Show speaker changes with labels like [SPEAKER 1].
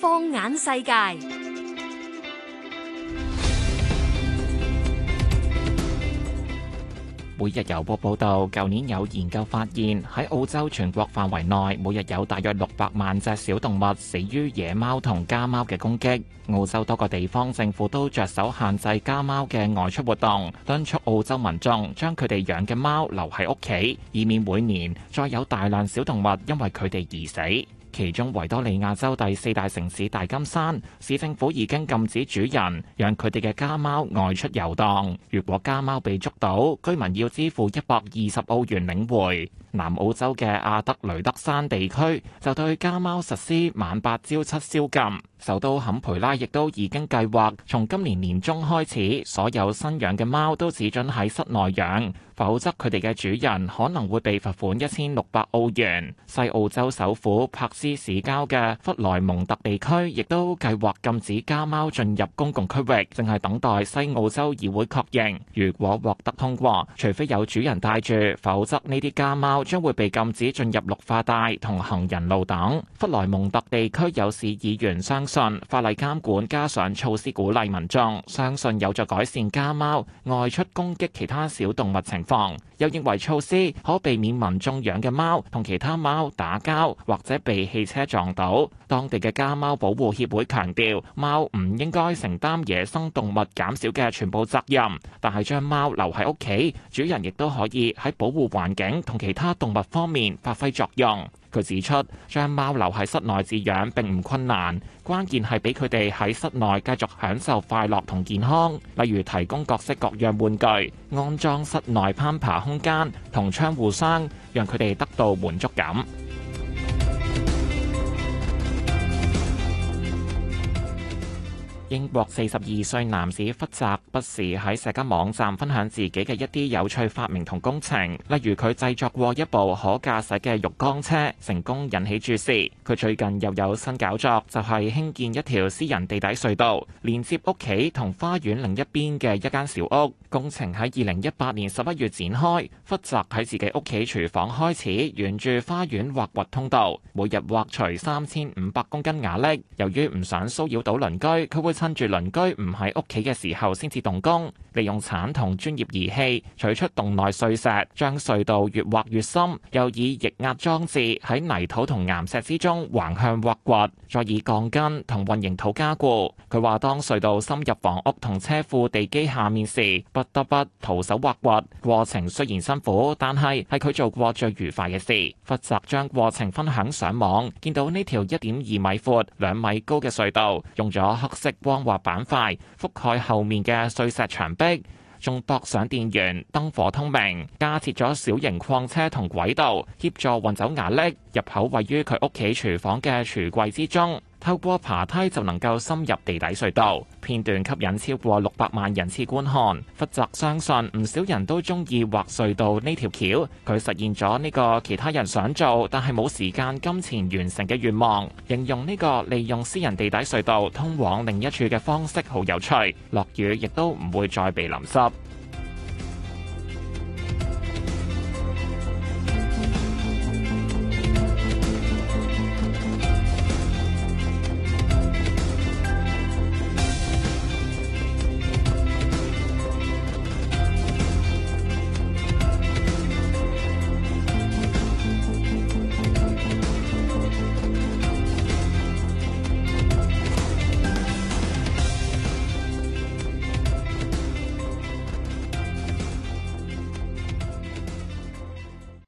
[SPEAKER 1] 放眼世界。每日郵報報道，舊年有研究發現喺澳洲全國範圍內，每日有大約六百萬隻小動物死於野貓同家貓嘅攻擊。澳洲多個地方政府都着手限制家貓嘅外出活動，敦促澳洲民眾將佢哋養嘅貓留喺屋企，以免每年再有大量小動物因為佢哋而死。其中，維多利亞州第四大城市大金山市政府已經禁止主人讓佢哋嘅家貓外出遊蕩。如果家貓被捉到，居民要支付一百二十澳元領回。南澳洲嘅阿德雷德山地區就對家貓實施晚八朝七宵禁。首都坎培拉亦都已經計劃從今年年中開始，所有新養嘅貓都只准喺室內養，否則佢哋嘅主人可能會被罰款一千六百澳元。西澳洲首府珀斯市郊嘅弗萊蒙特地區亦都計劃禁止家貓進入公共區域，正係等待西澳洲議會確認，如果獲得通過，除非有主人帶住，否則呢啲家貓。將會被禁止進入綠化帶同行人路等。弗萊蒙特地區有市議員相信法例監管加上措施鼓勵民眾，相信有助改善家貓外出攻擊其他小動物情況。又認為措施可避免民眾養嘅貓同其他貓打交或者被汽車撞到。當地嘅家貓保護協會強調，貓唔應該承擔野生動物減少嘅全部責任，但係將貓留喺屋企，主人亦都可以喺保護環境同其他。動物方面發揮作用，佢指出將貓留喺室內飼養並唔困難，關鍵係俾佢哋喺室內繼續享受快樂同健康，例如提供各式各樣玩具、安裝室內攀爬空間同窗戶箱，讓佢哋得到滿足感。英國四十二歲男子弗澤不時喺社交網站分享自己嘅一啲有趣發明同工程，例如佢製作過一部可駕駛嘅浴缸車，成功引起注視。佢最近又有新搞作，就係興建一條私人地底隧道，連接屋企同花園另一邊嘅一間小屋。工程喺二零一八年十一月展開，弗澤喺自己屋企廚房開始沿住花園挖掘通道，每日挖除三千五百公斤瓦礫。由於唔想騷擾到鄰居，佢會趁住鄰居唔喺屋企嘅時候先至動工，利用鏟同專業儀器取出洞內碎石，將隧道越挖越深。又以液壓裝置喺泥土同岩石之中橫向挖掘，再以鋼筋同混凝土加固。佢話：當隧道深入房屋同車庫地基下面時，不得不徒手挖掘。過程雖然辛苦，但係係佢做過最愉快嘅事。負責將過程分享上網，見到呢條一點二米闊、兩米高嘅隧道，用咗黑色。光滑板塊覆蓋後面嘅碎石牆壁，仲駁上電源，燈火通明，加設咗小型礦車同軌道協助運走瓦礫。入口位於佢屋企廚房嘅櫥櫃之中。透過爬梯就能夠深入地底隧道片段，吸引超過六百萬人次觀看。弗澤相信唔少人都鍾意畫隧道呢條橋，佢實現咗呢個其他人想做但係冇時間金錢完成嘅願望。形容呢個利用私人地底隧道通往另一處嘅方式好有趣，落雨亦都唔會再被淋濕。